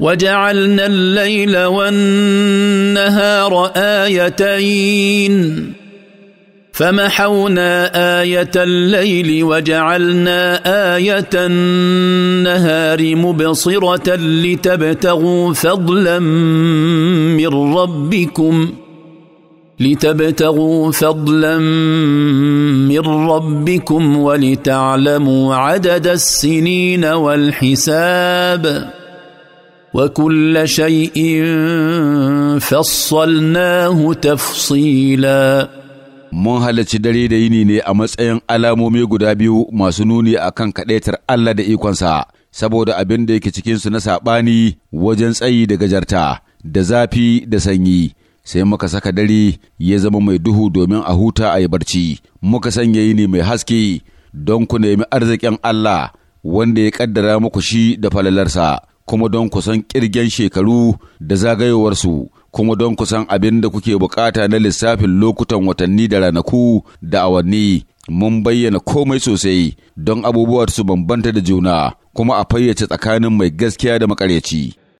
وجعلنا الليل والنهار ايتين فمحونا ايه الليل وجعلنا ايه النهار مبصره لتبتغوا فضلا من ربكم لتبتغوا فضلا من ربكم ولتعلموا عدد السنين والحساب وكل شيء فصلناه تفصيلا mun halarci dare da yini ne a matsayin alamomi guda biyu masu nuni a kan kaɗaitar Allah da ikonsa, saboda abin da yake cikinsu na saɓani wajen tsayi da gajarta, da zafi da sanyi. Sai muka saka dare ya zama mai duhu domin a huta a yi barci, muka sanya yini mai haske don ku nemi arzikin Allah wanda ya ƙaddara muku shi da falalarsa. kuma don kusan kirgen shekaru da zagayowarsu kuma don kusan abin da kuke bukata na lissafin lokutan watanni da ranaku da awanni mun bayyana komai sosai don abubuwarsu su bambanta da juna kuma a fayyace tsakanin mai gaskiya da makaryaci.